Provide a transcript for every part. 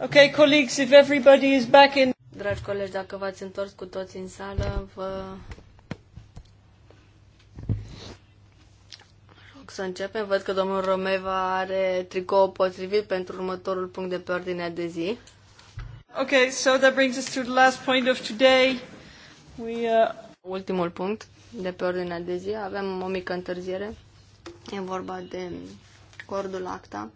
Okay, colleagues, if everybody is back in... Dragi colegi, dacă v-ați întors cu toți în sală, vă rog să începem. Văd că domnul Romeva are tricou potrivit pentru următorul punct de pe ordinea de zi. Okay, so that brings us to the last point of today. We, uh... Ultimul punct de pe ordinea de zi. Avem o mică întârziere. E vorba de cordul ACTA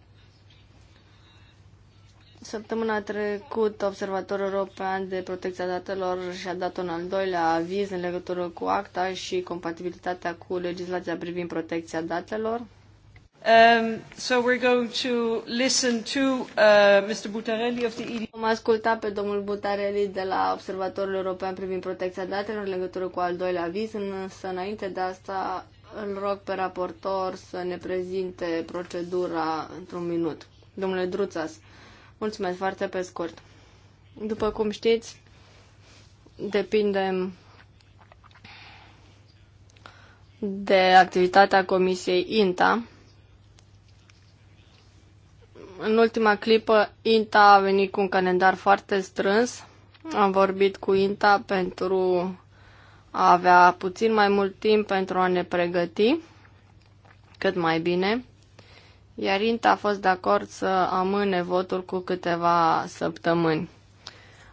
Săptămâna trecută, Observatorul European de Protecția Datelor și-a dat un al doilea aviz în legătură cu acta și compatibilitatea cu legislația privind protecția datelor. Um, so we're going to listen to uh, Mr. Butarelli of the ED. Vom asculta pe domnul Butarelli de la Observatorul European privind protecția datelor în legătură cu al doilea aviz, însă înainte de asta îl rog pe raportor să ne prezinte procedura într-un minut. Domnule Druțas, Mulțumesc foarte pe scurt. După cum știți, depindem de activitatea Comisiei INTA. În ultima clipă, INTA a venit cu un calendar foarte strâns. Am vorbit cu INTA pentru a avea puțin mai mult timp pentru a ne pregăti cât mai bine iar INTA a fost de acord să amâne votul cu câteva săptămâni.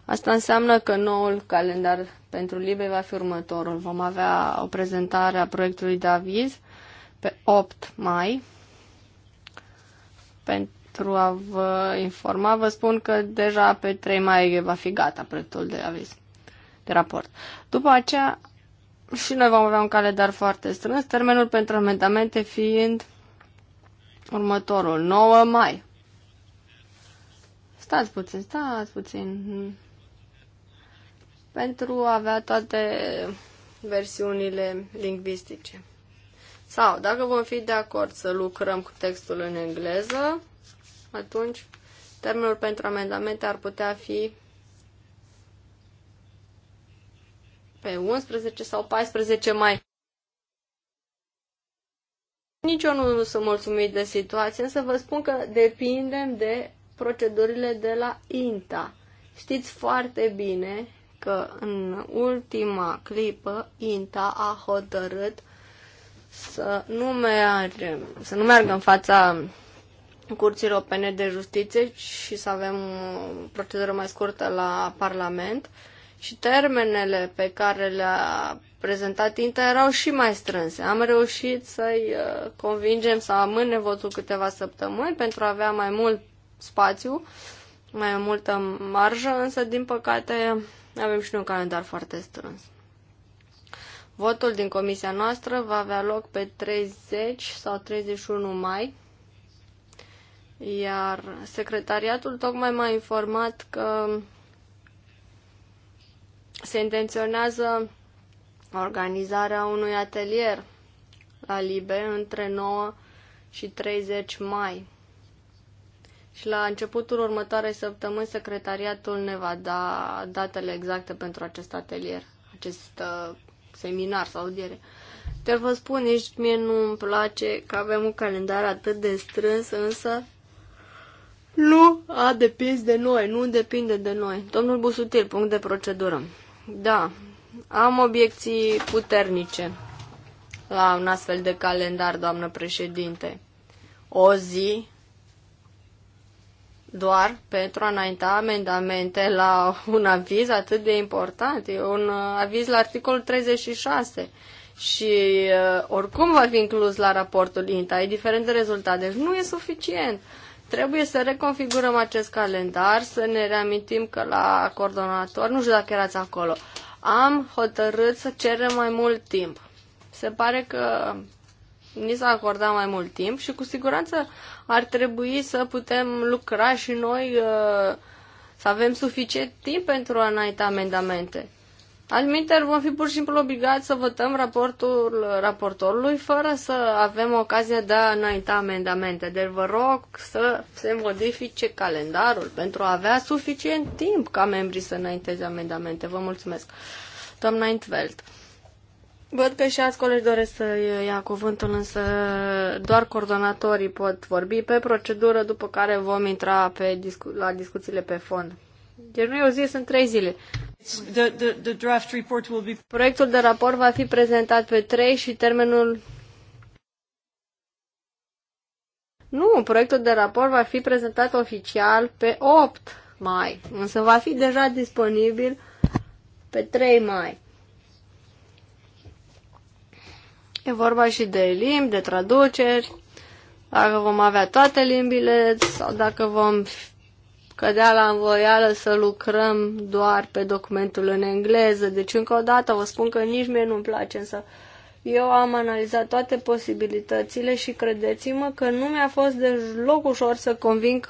Asta înseamnă că noul calendar pentru Libe va fi următorul. Vom avea o prezentare a proiectului de aviz pe 8 mai. Pentru a vă informa, vă spun că deja pe 3 mai va fi gata proiectul de aviz, de raport. După aceea, și noi vom avea un calendar foarte strâns, termenul pentru amendamente fiind Următorul, 9 mai. Stați puțin, stați puțin. Pentru a avea toate versiunile lingvistice. Sau, dacă vom fi de acord să lucrăm cu textul în engleză, atunci termenul pentru amendamente ar putea fi pe 11 sau 14 mai. Nici eu nu sunt mulțumit de situație, însă vă spun că depindem de procedurile de la INTA. Știți foarte bine că în ultima clipă INTA a hotărât să nu, meargă, să nu meargă în fața Curții Europene de Justiție și să avem o procedură mai scurtă la Parlament. Uh, și termenele pe care le-a prezentat Inter erau și mai strânse. Am reușit să-i uh, convingem să amâne votul câteva săptămâni pentru a avea mai mult spațiu, mai multă marjă, însă, din păcate, avem și un calendar foarte strâns. Votul din comisia noastră va avea loc pe 30 sau 31 mai, iar secretariatul tocmai m-a informat că se intenționează organizarea unui atelier la Libe între 9 și 30 mai. Și la începutul următoarei săptămâni, secretariatul ne va da datele exacte pentru acest atelier, acest uh, seminar sau audiere. Te vă spun, nici mie nu îmi place că avem un calendar atât de strâns, însă nu a depins de noi, nu depinde de noi. Domnul Busutil, punct de procedură. Da, am obiecții puternice la un astfel de calendar, doamnă președinte. O zi doar pentru a înainta amendamente la un aviz atât de important. E un uh, aviz la articolul 36 și uh, oricum va fi inclus la raportul INTA, e diferent de rezultat, deci nu e suficient. Uh, Trebuie să reconfigurăm acest calendar, să ne reamintim că la coordonator, nu știu dacă erați acolo, am hotărât să cerem mai mult timp. Se pare că ni s-a acordat mai mult timp și cu siguranță ar trebui să putem lucra și noi, uh, să avem suficient timp pentru a înainta amendamente. Alminter, vom fi pur și simplu obligați să votăm raportul raportorului fără să avem ocazia de a înainta amendamente. Deci vă rog să se modifice calendarul pentru a avea suficient timp ca membrii să înainteze amendamente. Vă mulțumesc. Doamna Intveld. Văd că și alți colegi doresc să ia cuvântul, însă doar coordonatorii pot vorbi pe procedură, după care vom intra pe discu- la discuțiile pe fond. Deci nu e o zi, sunt trei zile. The, the, the draft report will be... Proiectul de raport va fi prezentat pe 3 și termenul... Nu, proiectul de raport va fi prezentat oficial pe 8 mai, însă va fi deja disponibil pe 3 mai. E vorba și de limbi, de traduceri, dacă vom avea toate limbile sau dacă vom cădea la învoială să lucrăm doar pe documentul în engleză. Deci, încă o dată, vă spun că nici mie nu-mi place, însă eu am analizat toate posibilitățile și credeți-mă că nu mi-a fost deloc ușor să conving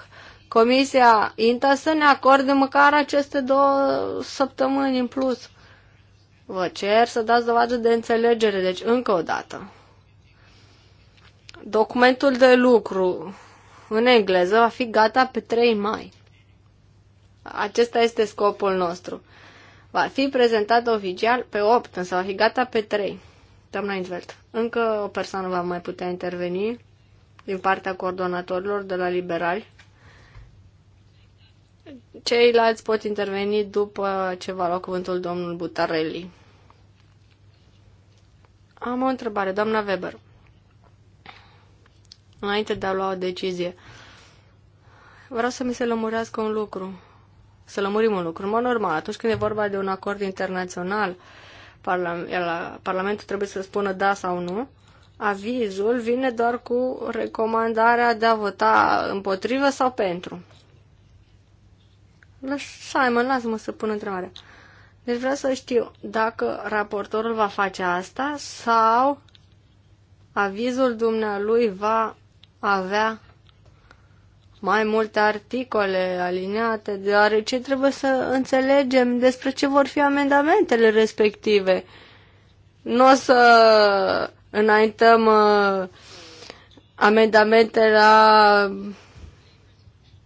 Comisia INTA să ne acorde măcar aceste două săptămâni în plus. Vă cer să dați dovadă de înțelegere, deci încă o dată. Documentul de lucru în engleză va fi gata pe 3 mai. Acesta este scopul nostru. Va fi prezentat oficial pe 8, însă va fi gata pe 3. Doamna Intvelt, încă o persoană va mai putea interveni din partea coordonatorilor de la liberali. Ceilalți pot interveni după ce va lua cuvântul domnul Butarelli. Am o întrebare, doamna Weber. Înainte de a lua o decizie, vreau să mi se lămurească un lucru să lămurim un lucru. În mod normal, atunci când e vorba de un acord internațional, Parlamentul trebuie să spună da sau nu. Avizul vine doar cu recomandarea de a vota împotrivă sau pentru. Simon, lasă-mă să pun întrebarea. Deci vreau să știu dacă raportorul va face asta sau avizul dumnealui va avea mai multe articole alineate, deoarece trebuie să înțelegem despre ce vor fi amendamentele respective. Nu o să înaintăm uh, amendamente la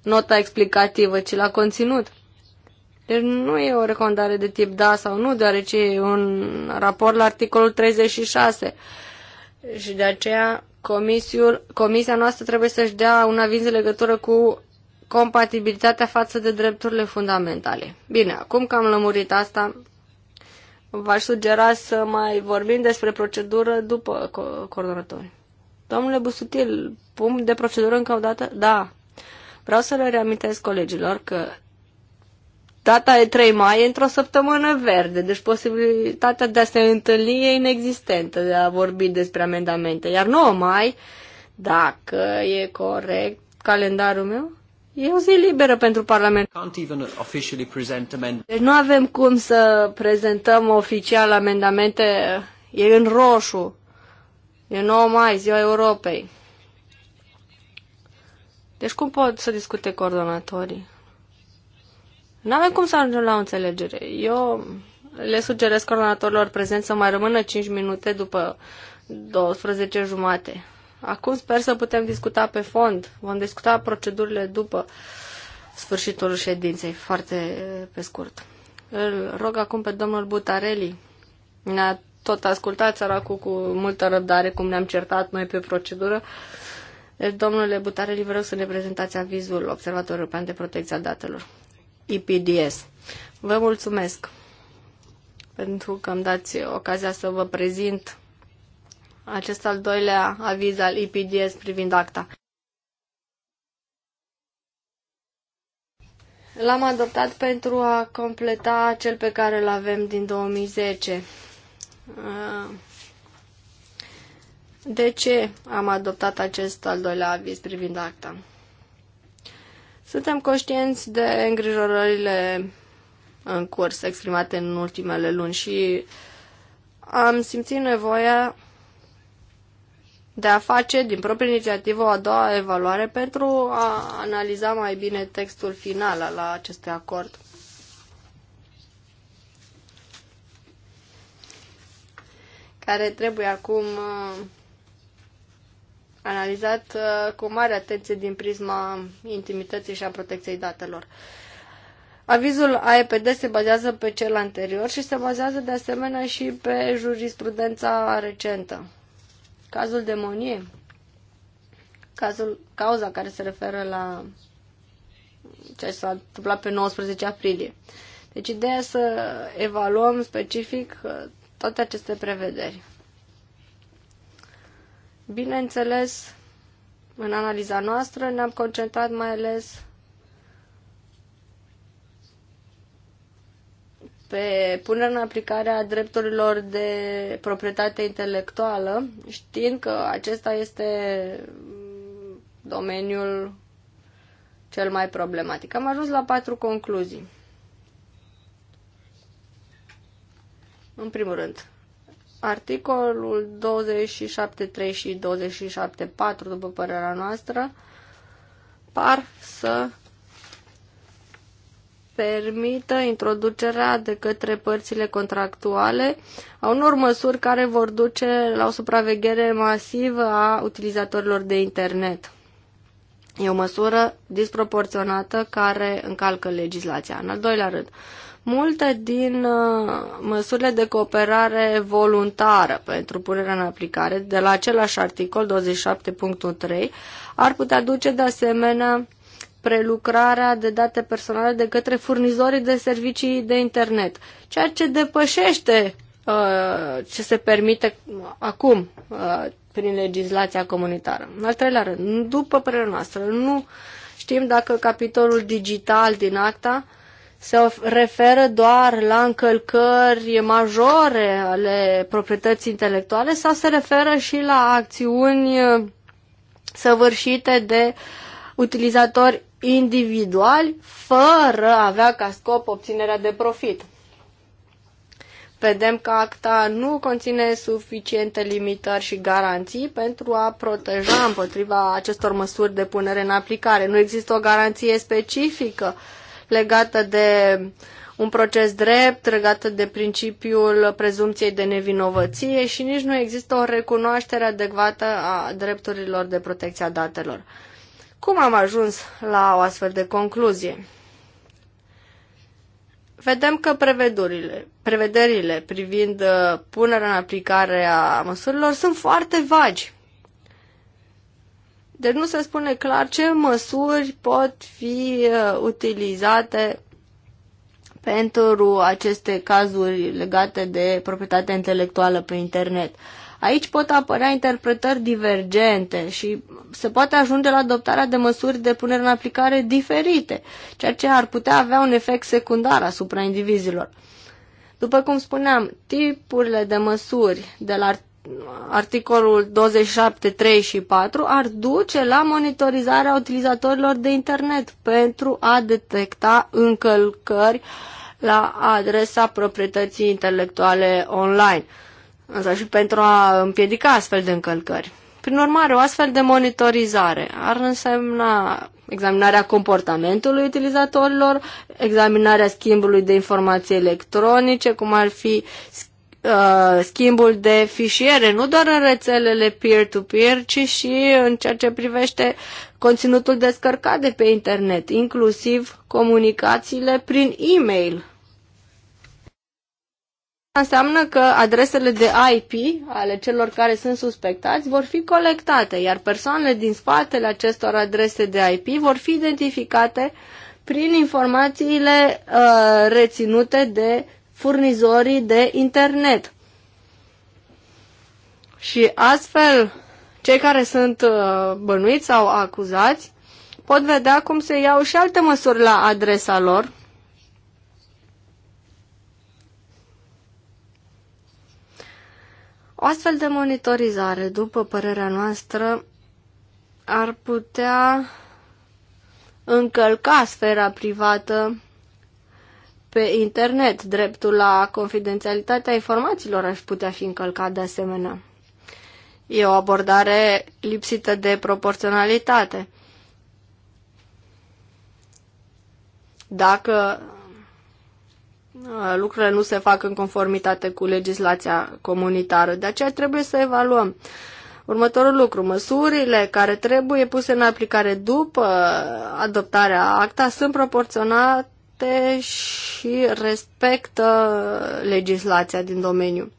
nota explicativă, ci la conținut. Deci nu e o recomandare de tip da sau nu, deoarece e un raport la articolul 36. Și de aceea Comisiul, comisia noastră trebuie să-și dea un aviz în legătură cu compatibilitatea față de drepturile fundamentale. Bine, acum că am lămurit asta, v-aș sugera să mai vorbim despre procedură după co- coordonatori. Domnule Busutil, punct de procedură încă o dată? Da. Vreau să le reamintesc colegilor că Data de 3 mai e într-o săptămână verde, deci posibilitatea de a se întâlni e inexistentă, de a vorbi despre amendamente. Iar 9 mai, dacă e corect calendarul meu, E o zi liberă pentru Parlament. Deci nu avem cum să prezentăm oficial amendamente. E în roșu. E 9 mai, ziua Europei. Deci cum pot să discute coordonatorii? Nu avem cum să ajungem la o înțelegere. Eu le sugerez coordonatorilor prezenți să mai rămână 5 minute după 12 jumate. Acum sper să putem discuta pe fond. Vom discuta procedurile după sfârșitul ședinței, foarte pe scurt. Îl rog acum pe domnul Butareli. Ne-a tot ascultat săracul cu multă răbdare cum ne-am certat noi pe procedură. Deci, domnule Butareli, vreau să ne prezentați avizul Observatorului European de Protecția Datelor. IPDS. Vă mulțumesc pentru că îmi dați ocazia să vă prezint acest al doilea aviz al IPDS privind acta. L-am adoptat pentru a completa cel pe care îl avem din 2010. De ce am adoptat acest al doilea aviz privind acta? Suntem conștienți de îngrijorările în curs exprimate în ultimele luni și am simțit nevoia de a face din proprie inițiativă o a doua evaluare pentru a analiza mai bine textul final al acestui acord. care trebuie acum uh, analizat uh, cu mare atenție din prisma intimității și a protecției datelor. Avizul AEPD se bazează pe cel anterior și se bazează de asemenea și pe jurisprudența recentă. Cazul demonie, cazul, cauza care se referă la ce s-a întâmplat pe 19 aprilie. Deci ideea să evaluăm specific uh, toate aceste prevederi. Bineînțeles, în analiza noastră ne-am concentrat mai ales pe punerea în aplicare a drepturilor de proprietate intelectuală, știind că acesta este domeniul cel mai problematic. Am ajuns la patru concluzii. În primul rând, Articolul 27.3 și 27.4, după părerea noastră, par să permită introducerea de către părțile contractuale a unor măsuri care vor duce la o supraveghere masivă a utilizatorilor de internet. E o măsură disproporționată care încalcă legislația. În al doilea rând, Multe din uh, măsurile de cooperare voluntară pentru punerea în aplicare de la același articol 27.3 ar putea duce de asemenea prelucrarea de date personale de către furnizorii de servicii de internet, ceea ce depășește uh, ce se permite acum uh, prin legislația comunitară. În al treilea rând, după părerea noastră, nu știm dacă capitolul digital din acta uh, se referă doar la încălcări majore ale proprietății intelectuale sau se referă și la acțiuni uh, săvârșite de utilizatori individuali fără a avea ca scop obținerea de profit. Vedem că acta nu conține suficiente limitări și garanții pentru a proteja împotriva acestor măsuri de punere în aplicare. Nu există o garanție specifică uh, legată de un proces drept, legată de principiul prezumției de nevinovăție și nici nu există o recunoaștere adecvată a drepturilor de protecție a datelor. Cum am ajuns la o astfel de concluzie? vedem că prevederile, prevederile privind uh, punerea în aplicare a măsurilor sunt foarte vagi. Deci nu se spune clar ce măsuri pot fi uh, utilizate pentru aceste cazuri legate de proprietatea intelectuală pe internet. Aici pot apărea interpretări divergente și se poate ajunge la adoptarea de măsuri de punere în aplicare diferite, ceea ce ar putea avea un efect secundar asupra indivizilor. După cum spuneam, tipurile de măsuri de la articolul 27, 3 și 4 ar duce la monitorizarea utilizatorilor de internet pentru a detecta încălcări la adresa proprietății intelectuale online, însă și pentru a împiedica astfel de încălcări. Prin urmare, o astfel de monitorizare ar însemna examinarea comportamentului utilizatorilor, examinarea schimbului de informații electronice, cum ar fi Uh, schimbul de fișiere, nu doar în rețelele peer-to-peer, -peer, ci și în ceea ce privește conținutul descărcat de pe internet, inclusiv comunicațiile prin e-mail. Înseamnă că adresele de IP ale celor care sunt suspectați vor fi colectate, iar persoanele din spatele acestor adrese de IP vor fi identificate prin informațiile uh, reținute de furnizorii de internet. Și astfel, cei care sunt uh, bănuiți sau acuzați pot vedea cum se iau și alte măsuri la adresa lor. O astfel de monitorizare, după părerea noastră, ar putea încălca sfera privată pe internet. Dreptul la confidențialitatea informațiilor ar putea fi încălcat de asemenea. E o abordare lipsită de proporționalitate. Dacă uh, lucrurile nu se fac în conformitate cu legislația comunitară, de aceea trebuie să evaluăm. Următorul lucru, măsurile care trebuie puse în aplicare după adoptarea acta sunt proporționate departe și respectă legislația din domeniu.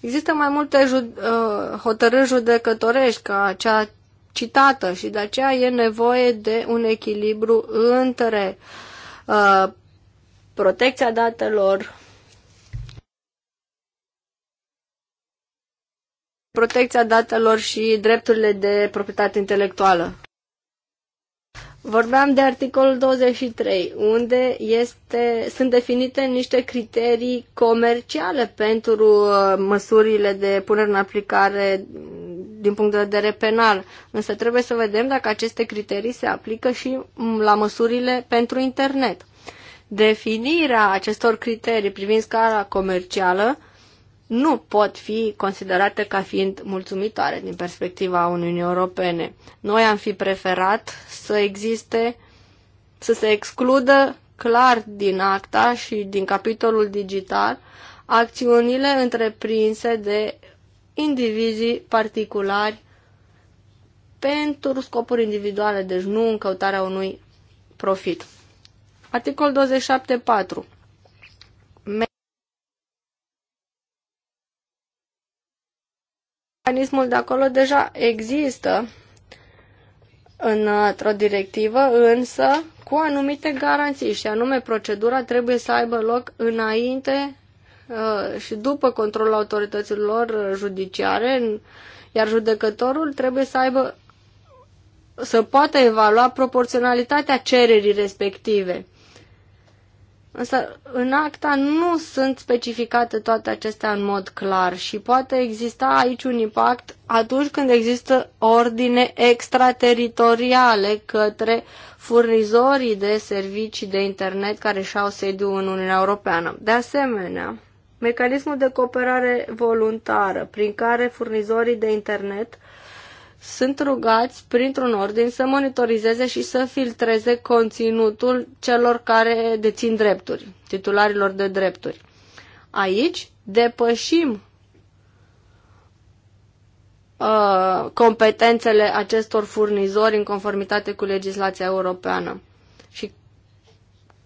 Există mai multe jud- uh, hotărâri judecătorești ca cea citată și de aceea e nevoie de un echilibru între uh, protecția datelor, protecția datelor și drepturile de proprietate intelectuală. Vorbeam de articolul 23, unde este, sunt definite niște criterii comerciale pentru uh, măsurile de punere în aplicare din punct de vedere penal. Însă trebuie să vedem dacă aceste criterii se aplică și mm, la măsurile pentru internet. Definirea acestor criterii privind scara comercială nu pot fi considerate ca fiind mulțumitoare din perspectiva Uniunii Europene. Noi am fi preferat să existe, să se excludă clar din acta și din capitolul digital acțiunile întreprinse de indivizii particulari pentru scopuri individuale, deci nu în căutarea unui profit. Articol 27.4 Mecanismul de acolo deja există într-o directivă, însă cu anumite garanții și anume procedura trebuie să aibă loc înainte uh, și după controlul autorităților judiciare, iar judecătorul trebuie să aibă să poată evalua proporționalitatea cererii respective. Însă în acta nu sunt specificate toate acestea în mod clar și poate exista aici un impact atunci când există ordine extrateritoriale către furnizorii de servicii de internet care și-au sediu în Uniunea Europeană. De asemenea, mecanismul de cooperare voluntară prin care furnizorii de internet – sunt rugați printr-un ordin să monitorizeze și să filtreze conținutul celor care dețin drepturi, titularilor de drepturi. Aici depășim uh, competențele acestor furnizori în conformitate cu legislația europeană. Și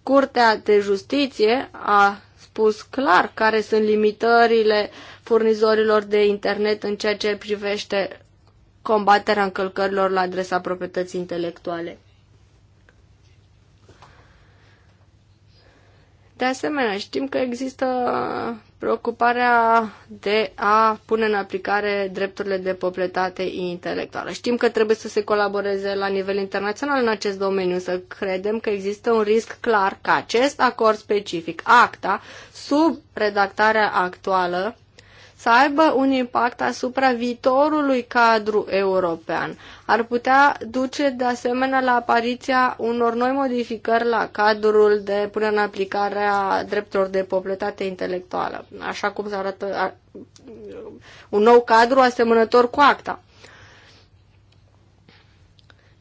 Curtea de Justiție a spus clar care sunt limitările furnizorilor de internet în ceea ce privește combaterea încălcărilor la adresa proprietății intelectuale. De asemenea, știm că există preocuparea de a pune în aplicare drepturile de proprietate intelectuală. Știm că trebuie să se colaboreze la nivel internațional în acest domeniu, să credem că există un risc clar că acest acord specific, ACTA, sub redactarea actuală, să aibă un impact asupra viitorului cadru european. Ar putea duce de asemenea la apariția unor noi modificări la cadrul de până în aplicare a drepturilor de proprietate intelectuală, așa cum se arată un nou cadru asemănător cu acta.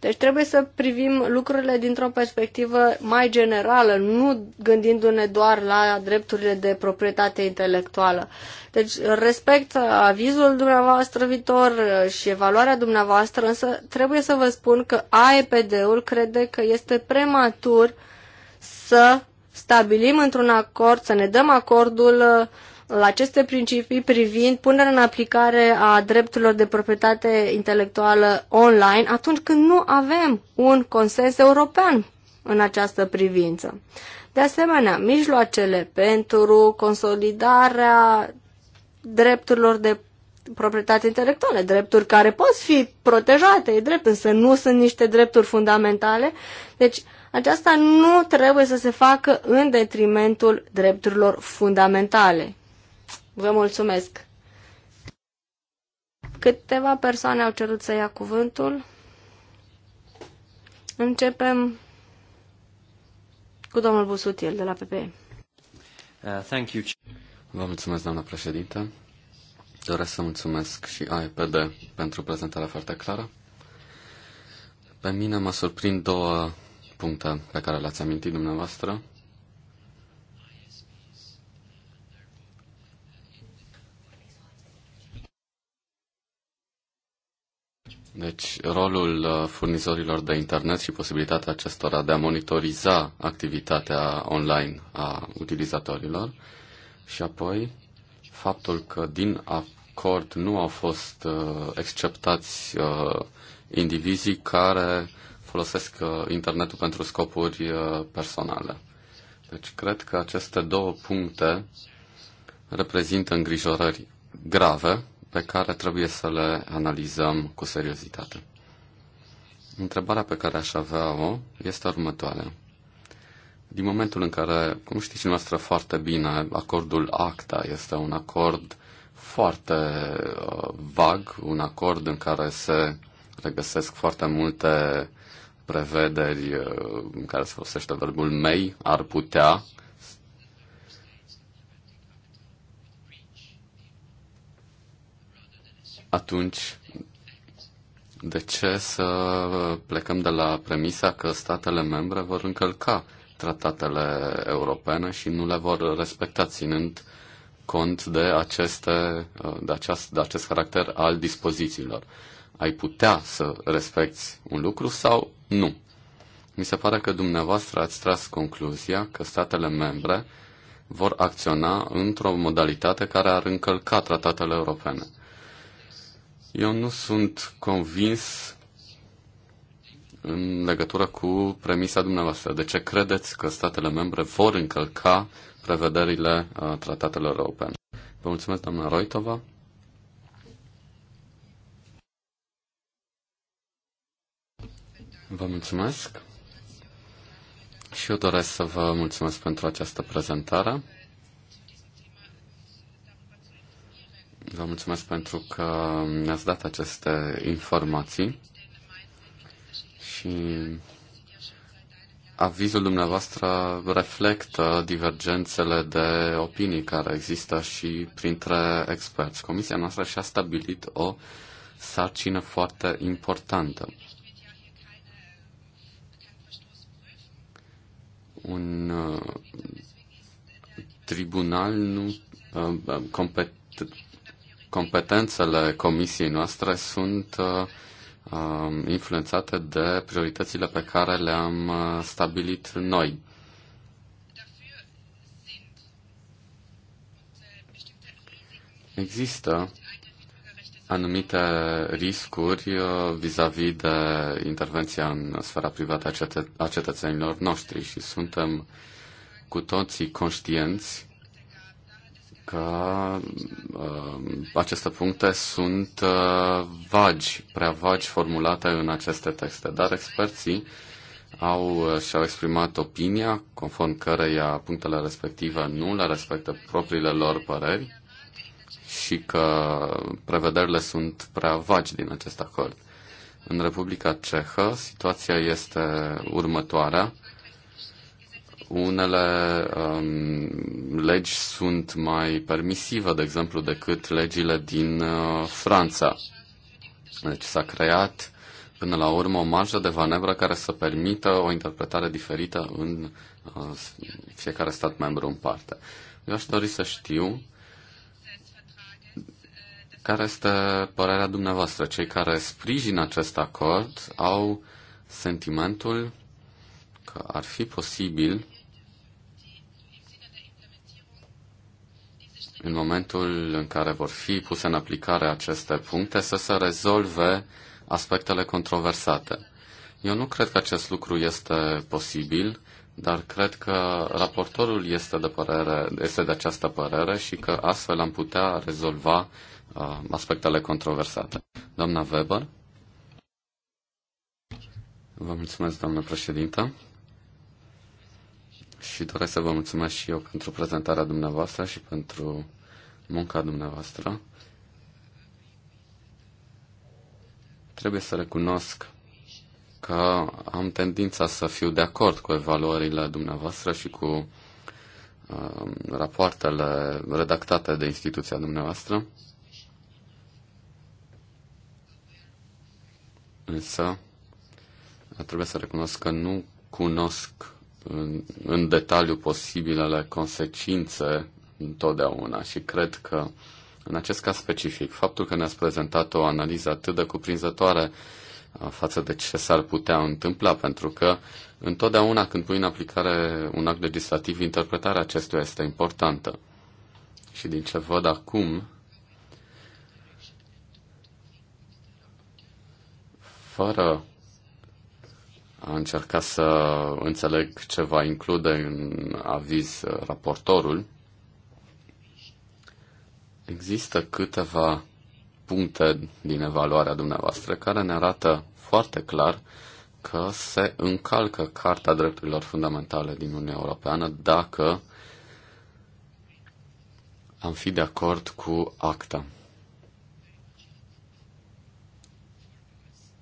Deci trebuie să privim lucrurile dintr-o perspectivă mai generală, nu gândindu-ne doar la drepturile de proprietate intelectuală. Deci respect avizul dumneavoastră viitor și evaluarea dumneavoastră, însă trebuie să vă spun că AEPD-ul crede că este prematur să stabilim într-un acord, să ne dăm acordul uh, la aceste principii privind punerea în aplicare a drepturilor de proprietate intelectuală online atunci când nu avem un consens european în această privință. De asemenea, mijloacele pentru consolidarea drepturilor de proprietate intelectuală, drepturi care pot fi protejate, e drept, însă nu sunt niște drepturi fundamentale. Deci, aceasta nu trebuie să se facă în detrimentul drepturilor fundamentale. Vă mulțumesc. Câteva persoane au cerut să ia cuvântul. Începem cu domnul Busutil de la PPE. Uh, thank you. Vă mulțumesc, doamna președintă. Doresc să mulțumesc și AEPD pentru prezentarea foarte clară. Pe mine mă surprind două puncte pe care le-ați amintit dumneavoastră. Deci, rolul uh, furnizorilor de internet și posibilitatea acestora de a monitoriza activitatea online a utilizatorilor și apoi faptul că din acord nu au fost uh, exceptați uh, indivizii care folosesc uh, internetul pentru scopuri uh, personale. Deci, cred că aceste două puncte reprezintă îngrijorări grave pe care trebuie să le analizăm cu seriozitate. Întrebarea pe care aș avea-o este următoarea. Din momentul în care, cum știți noastră foarte bine, acordul ACTA este un acord foarte uh, vag, un acord în care se regăsesc foarte multe prevederi uh, în care se folosește verbul may, ar putea, atunci de ce să plecăm de la premisa că statele membre vor încălca tratatele europene și nu le vor respecta, ținând cont de, aceste, de, aceast, de acest caracter al dispozițiilor? Ai putea să respecti un lucru sau nu? Mi se pare că dumneavoastră ați tras concluzia că statele membre vor acționa într-o modalitate care ar încălca tratatele europene. Eu nu sunt convins în legătură cu premisa dumneavoastră. De ce credeți că statele membre vor încălca prevederile uh, tratatelor europene? Vă mulțumesc, doamna Roitova. Vă mulțumesc. Și eu doresc să vă mulțumesc pentru această prezentare. Vă mulțumesc pentru că ne-ați dat aceste informații și avizul dumneavoastră reflectă divergențele de opinii care există și printre experți. Comisia noastră și-a stabilit o sarcină foarte importantă. Un uh, tribunal nu uh, competent competențele comisiei noastre sunt uh, um, influențate de prioritățile pe care le-am uh, stabilit noi. Există anumite riscuri uh, vis-a-vis -vis de intervenția în sfera privată a, a cetățenilor noștri și suntem cu toții conștienți că uh, aceste puncte sunt uh, vagi, prea vagi formulate în aceste texte, dar experții au, uh, și-au exprimat opinia conform căreia punctele respective nu le respectă propriile lor păreri și că prevederile sunt prea vagi din acest acord. În Republica Cehă situația este următoarea. Unele um, legi sunt mai permisive, de exemplu, decât legile din uh, Franța. Deci s-a creat până la urmă o marjă de manevră care să permită o interpretare diferită în uh, fiecare stat membru în parte. Eu aș dori să știu care este părerea dumneavoastră. Cei care sprijină acest acord au sentimentul că ar fi posibil în momentul în care vor fi puse în aplicare aceste puncte, să se rezolve aspectele controversate. Eu nu cred că acest lucru este posibil, dar cred că raportorul este de, părere, este de această părere și că astfel am putea rezolva uh, aspectele controversate. Doamna Weber? Vă mulțumesc, doamnă președintă și doresc să vă mulțumesc și eu pentru prezentarea dumneavoastră și pentru munca dumneavoastră. Trebuie să recunosc că am tendința să fiu de acord cu evaluările dumneavoastră și cu uh, rapoartele redactate de instituția dumneavoastră. Însă, trebuie să recunosc că nu cunosc în, în detaliu posibilele consecințe întotdeauna și cred că în acest caz specific, faptul că ne-ați prezentat o analiză atât de cuprinzătoare uh, față de ce s-ar putea întâmpla, pentru că întotdeauna când pui în aplicare un act legislativ, interpretarea acestuia este importantă. Și din ce văd acum, fără a încercat să înțeleg ce va include în aviz raportorul. Există câteva puncte din evaluarea dumneavoastră care ne arată foarte clar că se încalcă Carta Drepturilor Fundamentale din Uniunea Europeană dacă am fi de acord cu acta.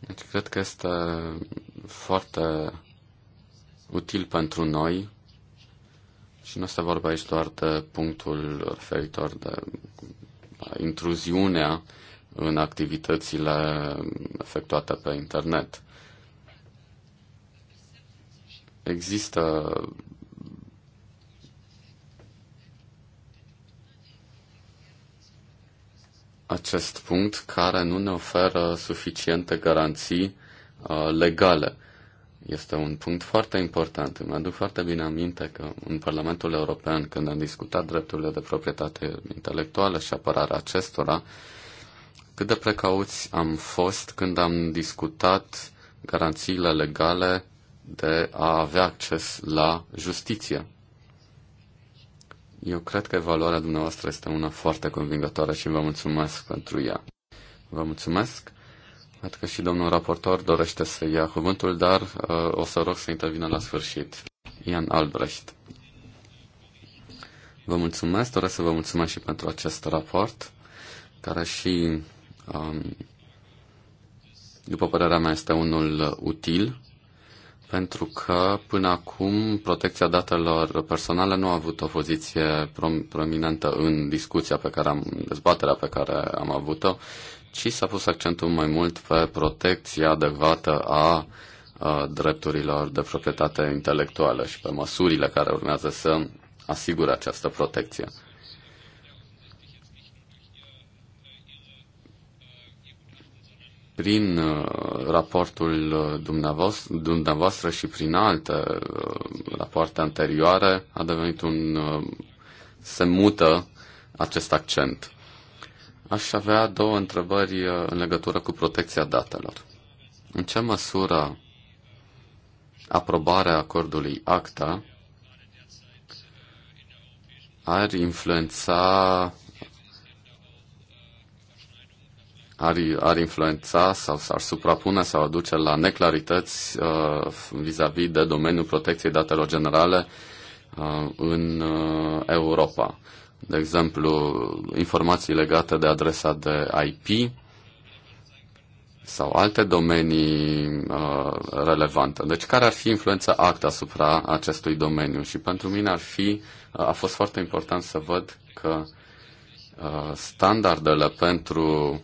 Deci cred că este foarte util pentru noi și nu este vorba aici doar de punctul referitor de intruziunea în activitățile efectuate pe internet. Există acest punct care nu ne oferă suficiente garanții Uh, legală. Este un punct foarte important. Îmi aduc foarte bine aminte că în Parlamentul European, când am discutat drepturile de proprietate intelectuală și apărarea acestora, cât de precauți am fost când am discutat garanțiile legale de a avea acces la justiție. Eu cred că evaluarea dumneavoastră este una foarte convingătoare și vă mulțumesc pentru ea. Vă mulțumesc. Cred că și domnul raportor dorește să ia cuvântul, dar uh, o să rog să intervină la sfârșit. Ian Albrecht. Vă mulțumesc, doresc să vă mulțumesc și pentru acest raport, care și, um, după părerea mea, este unul util pentru că până acum protecția datelor personale nu a avut o poziție prominentă în discuția pe care am, dezbaterea pe care am avut-o, ci s-a pus accentul mai mult pe protecția adecvată a, a drepturilor de proprietate intelectuală și pe măsurile care urmează să asigure această protecție. prin uh, raportul uh, dumneavoastră, dumneavoastră și prin alte uh, rapoarte anterioare a devenit un se mută acest accent. Aș avea două întrebări în legătură cu protecția datelor. În ce măsură aprobarea acordului ACTA ar influența ar, ar influența sau s-ar suprapune sau aduce la neclarități uh, vis-a-vis uh, vis, de domeniul protecției datelor generale uh, în uh, Europa. De exemplu, informații legate de adresa de IP sau alte domenii uh, relevante. Deci care ar fi influența ACT asupra acestui domeniu? Și pentru mine ar fi, uh, a fost foarte important să văd că uh, standardele pentru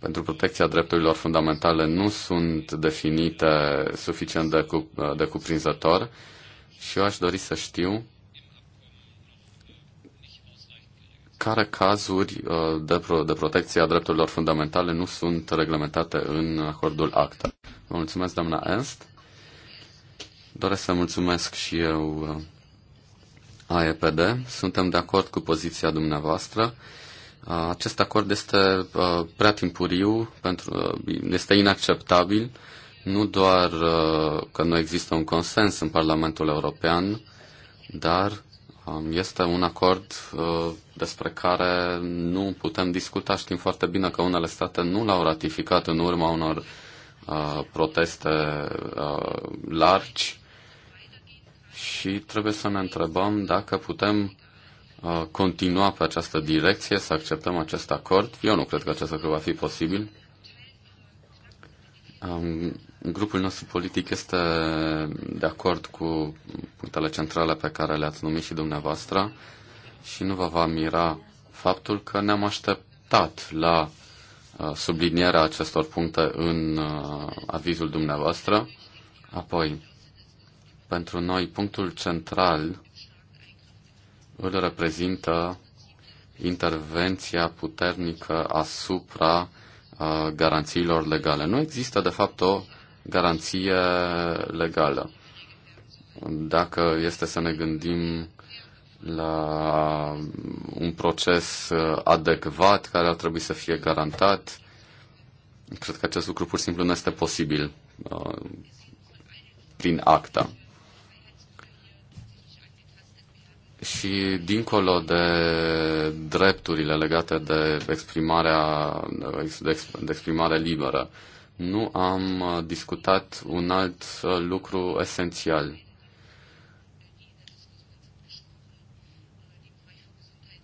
pentru protecția drepturilor fundamentale nu sunt definite suficient de, cu, de cuprinzător și eu aș dori să știu care cazuri uh, de, pro, de protecție a drepturilor fundamentale nu sunt reglementate în acordul ACTA. Vă mulțumesc, doamna Ernst. Doresc să mulțumesc și eu uh, AEPD. Suntem de acord cu poziția dumneavoastră. Acest acord este prea timpuriu, pentru, este inacceptabil, nu doar că nu există un consens în Parlamentul European, dar este un acord despre care nu putem discuta. Știm foarte bine că unele state nu l-au ratificat în urma unor proteste largi și trebuie să ne întrebăm dacă putem Uh, continua pe această direcție, să acceptăm acest acord. Eu nu cred că acest lucru va fi posibil. Um, grupul nostru politic este de acord cu punctele centrale pe care le-ați numit și dumneavoastră și nu vă va mira faptul că ne-am așteptat la uh, sublinierea acestor puncte în uh, avizul dumneavoastră. Apoi, pentru noi, punctul central îl reprezintă intervenția puternică asupra uh, garanțiilor legale. Nu există, de fapt, o garanție legală. Dacă este să ne gândim la un proces uh, adecvat care ar trebui să fie garantat, cred că acest lucru pur și simplu nu este posibil uh, prin acta. și dincolo de drepturile legate de exprimarea, de, exprimare liberă, nu am discutat un alt lucru esențial.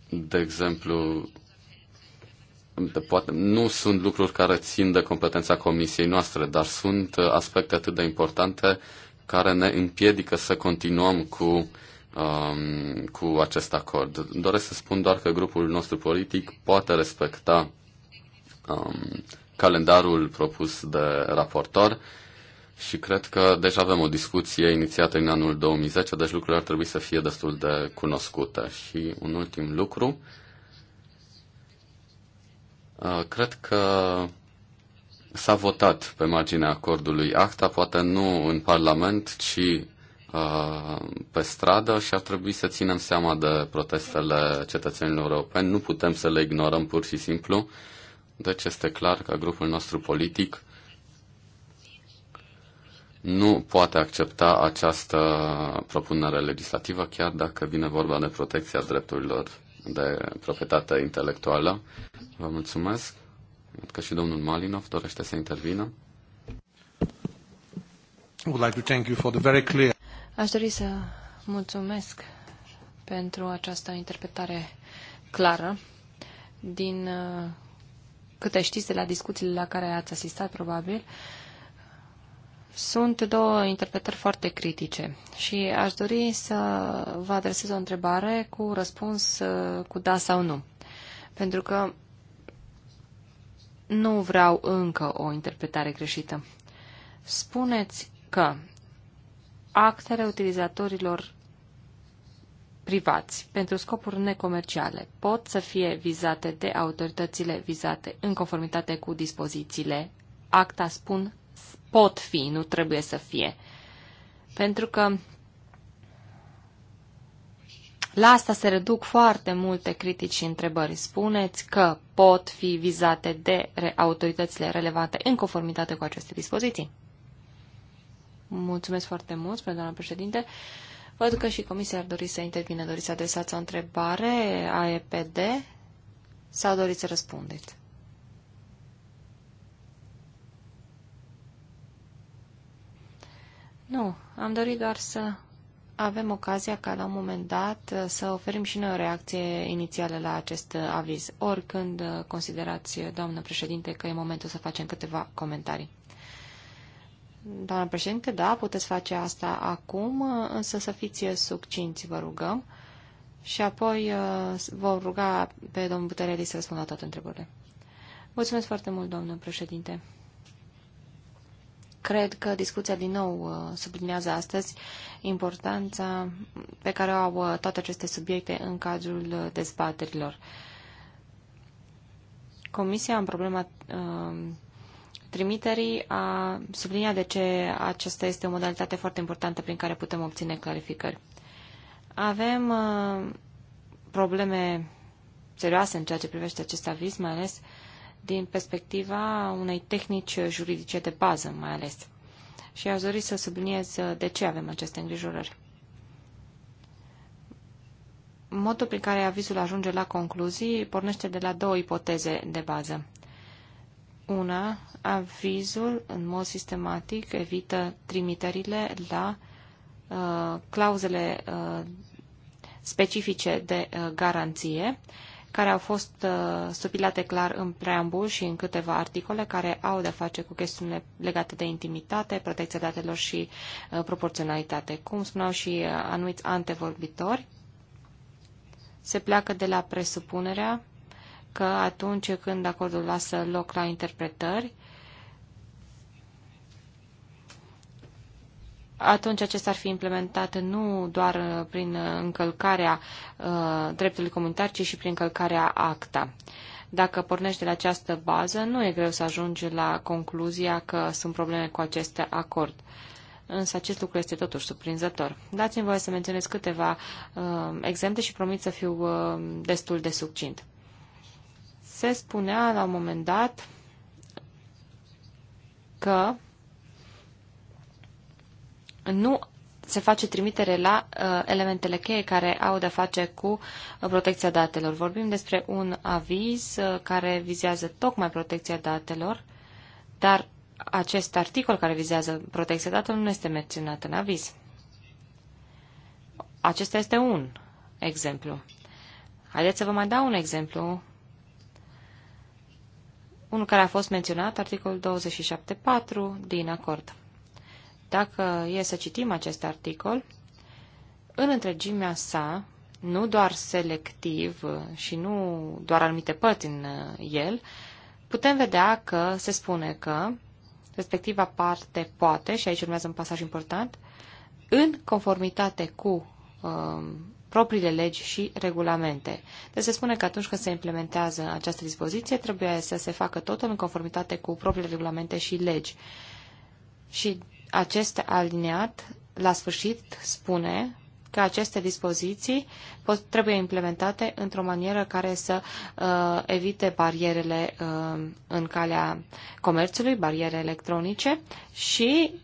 De exemplu, de poate, nu sunt lucruri care țin de competența comisiei noastre, dar sunt aspecte atât de importante care ne împiedică să continuăm cu uh, um, cu acest acord. Doresc să spun doar că grupul nostru politic poate respecta um, calendarul propus de raportor și cred că deja avem o discuție inițiată în anul 2010, deci lucrurile ar trebui să fie destul de cunoscute. Și un ultim lucru, uh, cred că s-a votat pe marginea acordului ACTA, poate nu în Parlament, ci Uh, pe stradă și ar trebui să ținem seama de protestele cetățenilor europeni. Nu putem să le ignorăm pur și simplu. Deci este clar că grupul nostru politic nu poate accepta această propunere legislativă, chiar dacă vine vorba de protecția drepturilor de proprietate intelectuală. Vă mulțumesc. Cred că și domnul Malinov dorește să intervină. I would like to thank you for the very clear Aș dori să mulțumesc pentru această interpretare clară. Din uh, câte știți de la discuțiile la care ați asistat, probabil, sunt două interpretări foarte critice și aș dori să vă adresez o întrebare cu răspuns uh, cu da sau nu. Pentru că nu vreau încă o interpretare greșită. Spuneți că actele utilizatorilor privați pentru scopuri necomerciale pot să fie vizate de autoritățile vizate în conformitate cu dispozițiile. Acta spun pot fi, nu trebuie să fie. Pentru că la asta se reduc foarte multe critici și întrebări. Spuneți că pot fi vizate de autoritățile relevante în conformitate cu aceste dispoziții? Mulțumesc foarte mult, spre doamna președinte. Văd că și comisia ar dori să intervine. Doriți să adresați o întrebare a EPD sau doriți să răspundeți? Nu, am dorit doar să avem ocazia ca la un moment dat uh, să oferim și noi o reacție inițială la acest uh, aviz, oricând uh, considerați, doamnă președinte, că e momentul să facem câteva comentarii. Doamna președinte, da, puteți face asta acum, însă să fiți succinți, vă rugăm. Și apoi uh, vă ruga pe domnul Butereli să răspundă la toate întrebările. Mulțumesc foarte mult, doamnă președinte. Cred că discuția din nou uh, sublinează astăzi importanța pe care o au uh, toate aceste subiecte în cadrul dezbaterilor. Comisia, în problema trimiterii a subliniat de ce aceasta este o modalitate foarte importantă prin care putem obține clarificări. Avem uh, probleme serioase în ceea ce privește acest aviz, mai ales din perspectiva unei tehnici juridice de bază, mai ales. Și aș dori să subliniez uh, de ce avem aceste îngrijorări. Modul prin care avizul ajunge la concluzii pornește de la două ipoteze de bază. Una, avizul în mod sistematic evită trimiterile la uh, clauzele uh, specifice de uh, garanție, care au fost uh, stipulate clar în preambul și în câteva articole care au de face cu chestiunile legate de intimitate, protecția datelor și uh, proporționalitate. Cum spuneau și uh, anumiți antevorbitori, se pleacă de la presupunerea că atunci când acordul lasă loc la interpretări, atunci acesta ar fi implementat nu doar uh, prin uh, încălcarea uh, dreptului comunitar, ci și prin încălcarea acta. Dacă pornești de la această bază, nu e greu să ajungi la concluzia că sunt probleme cu acest acord. Însă acest lucru este totuși surprinzător. Dați-mi voie să menționez câteva uh, exemple și promit să fiu uh, destul de succint se spunea la un moment dat că nu se face trimitere la uh, elementele cheie care au de-a face cu protecția datelor. Vorbim despre un aviz uh, care vizează tocmai protecția datelor, dar acest articol care vizează protecția datelor nu este menționat în aviz. Acesta este un exemplu. Haideți să vă mai dau un exemplu unul care a fost menționat, articolul 27.4 din acord. Dacă e să citim acest articol, în întregimea sa, nu doar selectiv și nu doar anumite părți în uh, el, putem vedea că se spune că respectiva parte poate, și aici urmează un pasaj important, în conformitate cu um, propriile legi și regulamente. De deci se spune că atunci când se implementează această dispoziție, trebuie să se facă totul în conformitate cu propriile regulamente și legi. Și acest aliniat, la sfârșit, spune că aceste dispoziții pot, trebuie implementate într-o manieră care să uh, evite barierele uh, în calea comerțului, bariere electronice și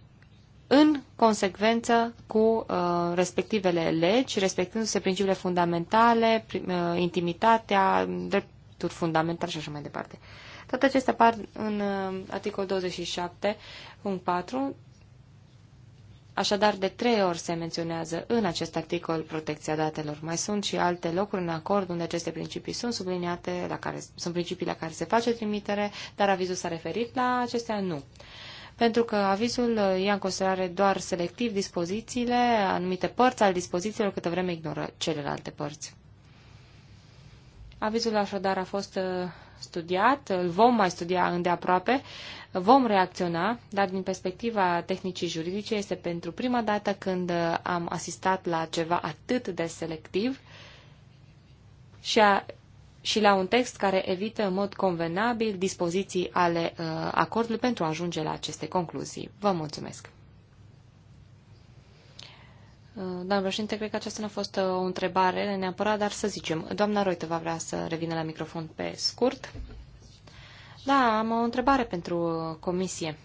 în consecvență cu uh, respectivele legi, respectându-se principiile fundamentale, prim, uh, intimitatea, drepturi fundamentale și așa mai departe. Toate acestea apar în uh, articolul 27, 4. Așadar, de trei ori se menționează în acest articol protecția datelor. Mai sunt și alte locuri în acord unde aceste principii sunt subliniate, la care, sunt principii la care se face trimitere, dar avizul s-a referit la acestea? Nu. Uh, pentru că avizul uh, ia în considerare doar selectiv dispozițiile, anumite părți ale dispozițiilor, câtă vreme ignoră celelalte părți. Avizul așadar a fost uh, studiat, îl vom mai studia îndeaproape, vom reacționa, dar din perspectiva tehnicii juridice este pentru prima dată când uh, am asistat la ceva atât de selectiv și a și la un text care evită în mod convenabil dispoziții ale uh, acordului pentru a ajunge la aceste concluzii. Vă mulțumesc! Uh, doamna președinte, cred că aceasta nu a fost uh, o întrebare neapărat, dar să zicem. Doamna va vrea să revină la microfon pe scurt. Da, am o întrebare pentru uh, comisie.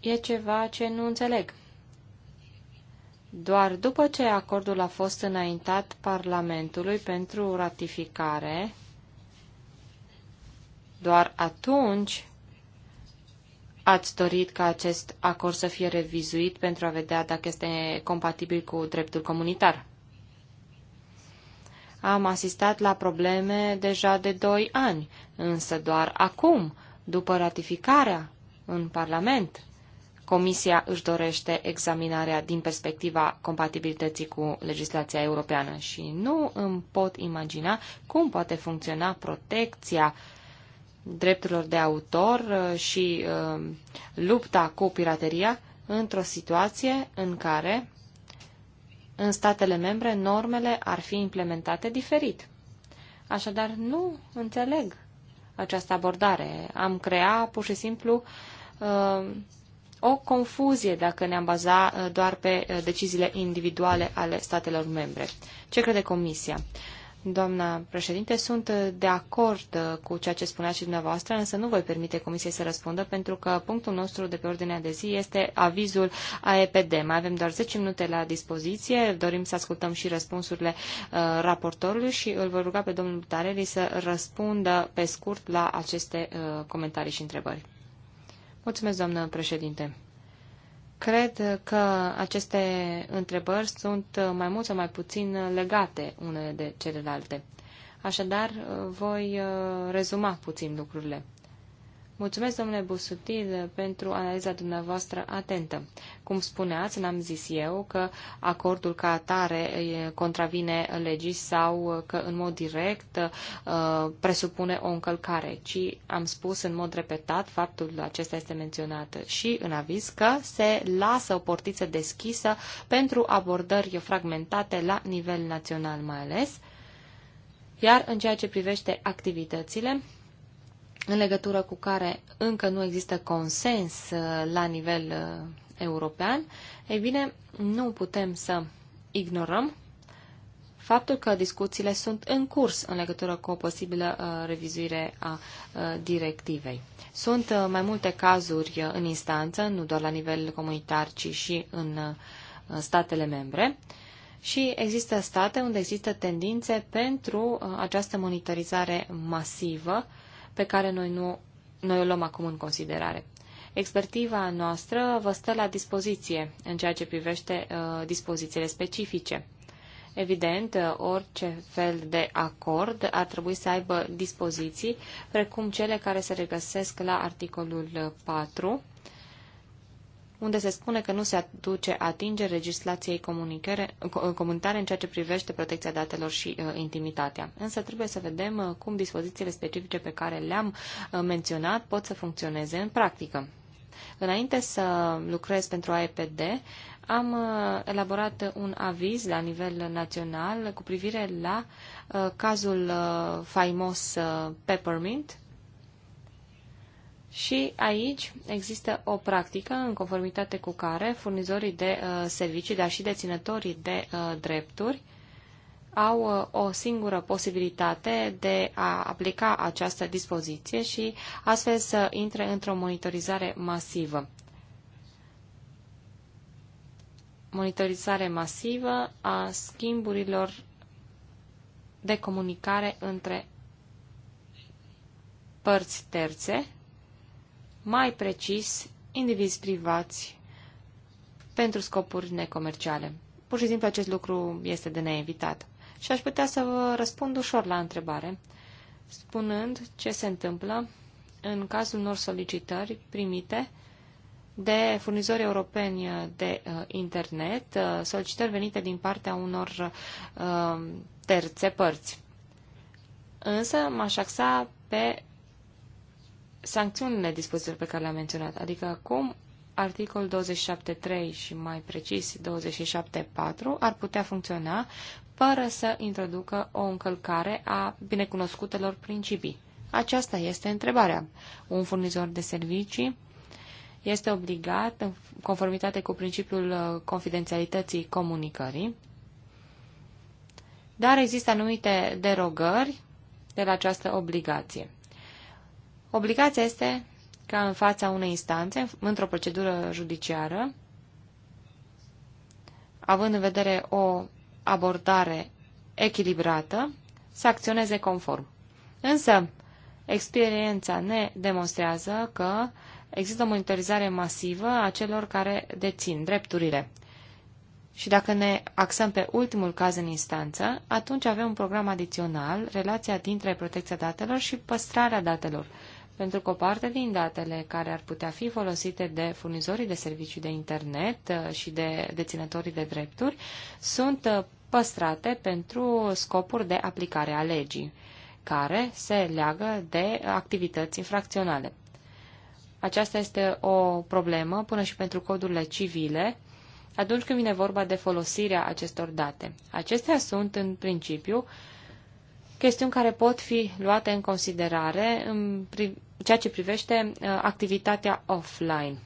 E ceva ce nu înțeleg. Doar după ce acordul a fost înaintat Parlamentului pentru ratificare, doar atunci ați dorit ca acest acord să fie revizuit pentru a vedea dacă este compatibil cu dreptul comunitar. Am asistat la probleme deja de doi ani, însă doar acum, după ratificarea în Parlament, Comisia își dorește examinarea din perspectiva compatibilității cu legislația europeană și nu îmi pot imagina cum poate funcționa protecția drepturilor de autor uh, și uh, lupta cu pirateria într-o situație în care în statele membre normele ar fi implementate diferit. Așadar, nu înțeleg această abordare. Am crea pur și simplu uh, o confuzie dacă ne-am baza uh, doar pe uh, deciziile individuale ale statelor membre. Ce crede Comisia? Doamna președinte, sunt uh, de acord cu ceea ce spunea și dumneavoastră, însă nu voi permite Comisiei să răspundă, pentru că punctul nostru de pe ordinea de zi este avizul AEPD. Mai avem doar 10 minute la dispoziție, dorim să ascultăm și răspunsurile uh, raportorului și îl voi ruga pe domnul Tareli să răspundă pe scurt la aceste uh, comentarii și întrebări. Mulțumesc, doamnă președinte. Cred că aceste întrebări sunt mai mult sau mai puțin legate unele de celelalte. Așadar, voi uh, rezuma puțin lucrurile. Mulțumesc, domnule Busutil, pentru analiza dumneavoastră atentă. Cum spuneați, n-am zis eu că acordul ca atare contravine legii sau că în mod direct uh, presupune o încălcare, ci am spus în mod repetat, faptul acesta este menționat și în aviz, că se lasă o portiță deschisă pentru abordări fragmentate la nivel național mai ales, iar în ceea ce privește activitățile, în legătură cu care încă nu există consens uh, la nivel uh, european, e bine, nu putem să ignorăm faptul că discuțiile sunt în curs în legătură cu o posibilă uh, revizuire a directivei. Sunt mai multe cazuri în instanță, nu doar la nivel comunitar, ci și în statele membre. Și există state unde există tendințe pentru această monitorizare masivă pe care noi, nu, noi o luăm acum în considerare. Expertiva noastră vă stă la dispoziție în ceea ce privește uh, dispozițiile specifice. Evident, uh, orice fel de acord ar trebui să aibă dispoziții, precum cele care se regăsesc la articolul 4, uh, unde se spune că nu se aduce atingere legislației comunitare în ceea ce privește protecția datelor și uh, intimitatea. Însă trebuie să vedem uh, cum dispozițiile specifice pe care le-am uh, menționat pot să funcționeze în practică. Înainte să lucrez pentru AEPD, am uh, elaborat un aviz la nivel național cu privire la uh, cazul uh, faimos Peppermint, și aici există o practică în conformitate cu care furnizorii de uh, servicii, dar și deținătorii de uh, drepturi, au uh, o singură posibilitate de a aplica această dispoziție și astfel să intre într-o monitorizare masivă. Monitorizare masivă a schimburilor de comunicare între părți terțe, mai precis indivizi privați pentru scopuri necomerciale. Pur și simplu acest lucru este de neevitat. Și aș putea să vă răspund ușor la întrebare, spunând ce se întâmplă în cazul unor solicitări primite de furnizori europeni de uh, internet, uh, solicitări venite din partea unor uh, terțe părți. Însă m-aș axa pe sancțiunile dispozițiilor pe care le-am menționat, adică acum articol 27.3 și mai precis 27.4 ar putea funcționa fără să introducă o încălcare a binecunoscutelor principii. Aceasta este întrebarea. Un furnizor de servicii este obligat, în conformitate cu principiul uh, confidențialității comunicării, dar există anumite derogări de la această obligație. Obligația este ca în fața unei instanțe, într-o procedură judiciară, având în vedere o abordare echilibrată, să acționeze conform. Însă, experiența ne demonstrează că există o monitorizare masivă a celor care dețin drepturile. Și dacă ne axăm pe ultimul caz în instanță, atunci avem un program adițional, relația dintre protecția datelor și păstrarea datelor pentru că o parte din datele care ar putea fi folosite de furnizorii de servicii de internet uh, și de deținătorii de drepturi sunt uh, păstrate pentru scopuri de aplicare a legii, care se leagă de activități infracționale. Aceasta este o problemă până și pentru codurile civile, atunci când vine vorba de folosirea acestor date. Acestea sunt, în principiu, uh, chestiuni care pot fi luate în considerare în ceea ce privește uh, activitatea offline.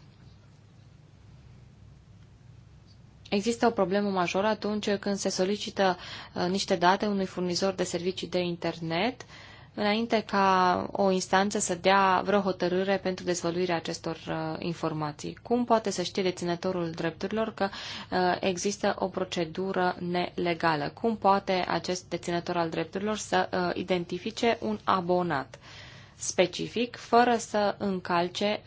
Există o problemă majoră atunci când se solicită uh, niște date unui furnizor de servicii de internet uh, înainte ca o instanță să dea vreo hotărâre pentru dezvăluirea acestor uh, informații. Cum poate să știe deținătorul drepturilor că uh, există o procedură nelegală? Cum poate acest deținător al drepturilor să uh, identifice un abonat specific fără să încalce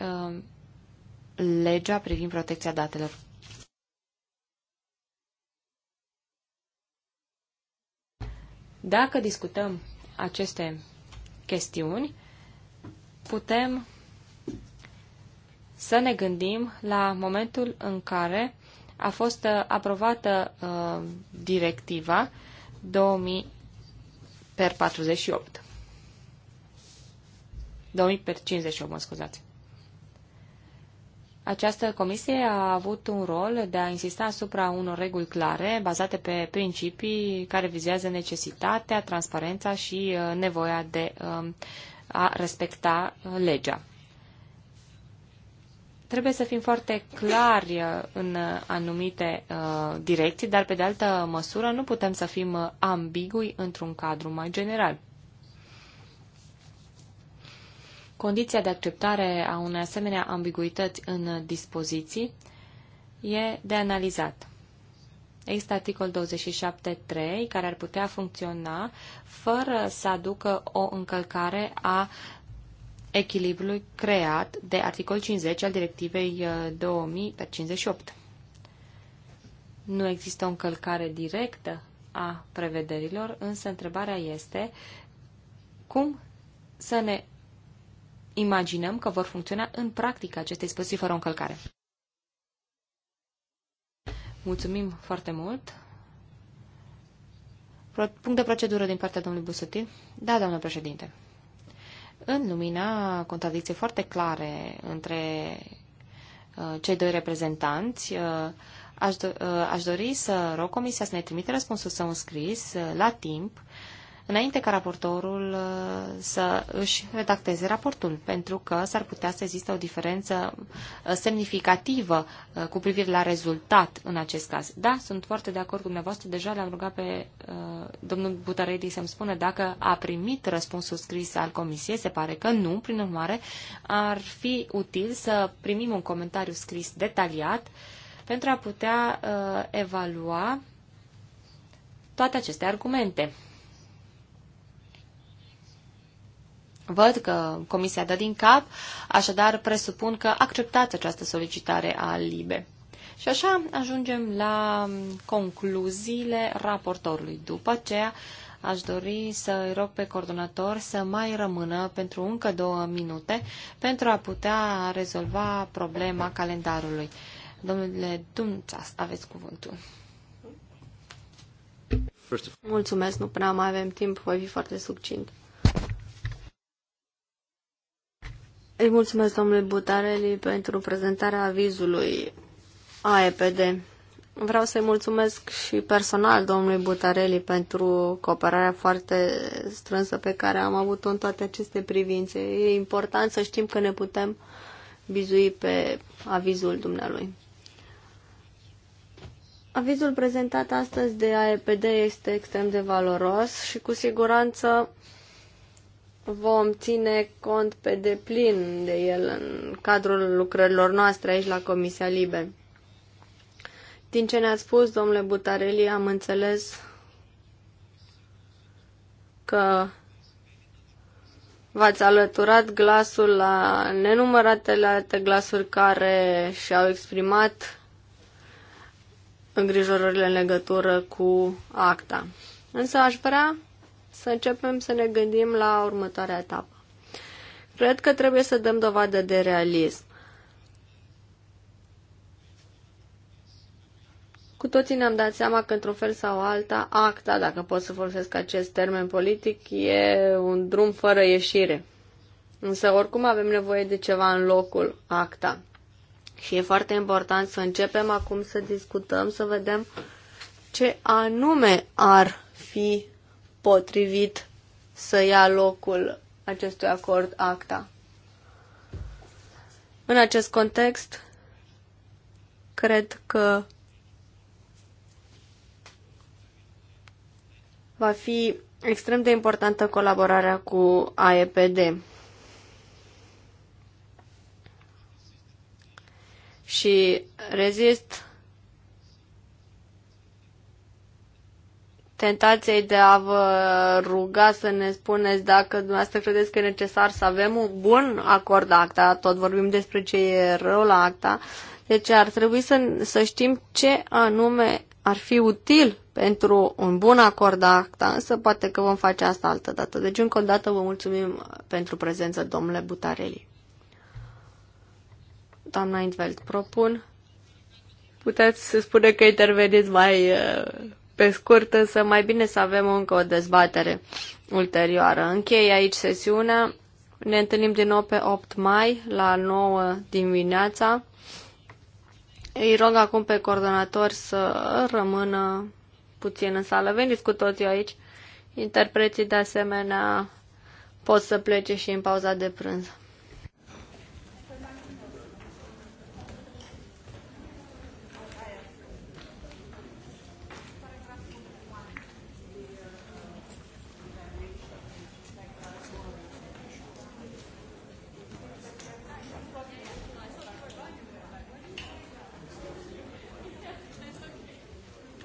legea privind protecția datelor? Dacă discutăm aceste chestiuni, putem să ne gândim la momentul în care a fost uh, aprobată uh, directiva 2000 per 48. 2000 per 58, mă scuzați. Această comisie a avut un rol de a insista asupra unor reguli clare, bazate pe principii care vizează necesitatea, transparența și uh, nevoia de um, a respecta uh, legea. Trebuie să fim foarte clari uh, în anumite direcții, dar pe de altă măsură nu putem să fim ambigui într-un cadru mai general. Condiția de acceptare a unei asemenea ambiguități în dispoziții e de analizat. Există articol 27.3 care ar putea funcționa fără să aducă o încălcare a echilibrului creat de articol 50 al directivei 2058. Uh, nu există o încălcare directă a prevederilor, însă întrebarea este cum să ne imaginăm că vor funcționa în practică aceste dispoziții fără încălcare. Mulțumim foarte mult. Punct de procedură din partea domnului Busutin. Da, doamnă președinte. În lumina contradicției foarte clare între uh, cei doi reprezentanți, uh, aș, do- uh, aș dori să rog Comisia să ne trimite răspunsul său în scris uh, la timp uh, înainte ca raportorul uh, să își redacteze raportul, pentru că s-ar putea să existe o diferență uh, semnificativă uh, cu privire la rezultat în acest caz. Da, sunt foarte de acord cu dumneavoastră. Deja le am rugat pe domnul Butaredi să-mi spună dacă a primit răspunsul scris al comisiei. Se pare că nu. Prin urmare, ar fi util să primim un comentariu scris detaliat pentru a putea evalua toate aceste argumente. Văd că Comisia dă din cap, așadar presupun că acceptați această solicitare a LIBE. Și așa ajungem la concluziile raportorului. După aceea aș dori să îi rog pe coordonator să mai rămână pentru încă două minute pentru a putea rezolva problema calendarului. Domnule Dumțas, aveți cuvântul. Mulțumesc, nu prea mai avem timp, voi fi foarte succint. Îi mulțumesc domnului Butareli pentru prezentarea avizului AEPD. Vreau să-i mulțumesc și personal domnului Butareli pentru cooperarea foarte strânsă pe care am avut-o în toate aceste privințe. E important să știm că ne putem bizui pe avizul dumnealui. Avizul prezentat astăzi de AEPD este extrem de valoros și cu siguranță vom ține cont pe deplin de el în cadrul lucrărilor noastre aici la Comisia Libe. Din ce ne-ați spus, domnule Butareli, am înțeles că v-ați alăturat glasul la nenumăratele alte glasuri care și-au exprimat îngrijorările în legătură cu acta. Însă aș vrea să începem să ne gândim la următoarea etapă. Cred că trebuie să dăm dovadă de realism. Cu toții ne-am dat seama că, într-un fel sau alta, acta, dacă pot să folosesc acest termen politic, e un drum fără ieșire. Însă, oricum, avem nevoie de ceva în locul acta. Și e foarte important să începem acum să discutăm, să vedem ce anume ar fi potrivit să ia locul acestui acord ACTA. În acest context, cred că va fi extrem de importantă colaborarea cu AEPD. Și rezist tentației de a vă ruga să ne spuneți dacă dumneavoastră credeți că e necesar să avem un bun acord ACTA, tot vorbim despre ce e rău la ACTA, deci ar trebui să, să știm ce anume ar fi util pentru un bun acord ACTA, însă poate că vom face asta altă dată. Deci încă o dată vă mulțumim pentru prezență, domnule Butareli. Doamna Intveld, propun. Puteți spune că interveniți mai uh, pe scurt, însă mai bine să avem încă o dezbatere ulterioară. Închei aici sesiunea. Ne întâlnim din nou pe 8 mai la 9 dimineața. Îi rog acum pe coordonator să rămână puțin în sală. Veniți cu toții aici. Interpreții de asemenea pot să plece și în pauza de prânz.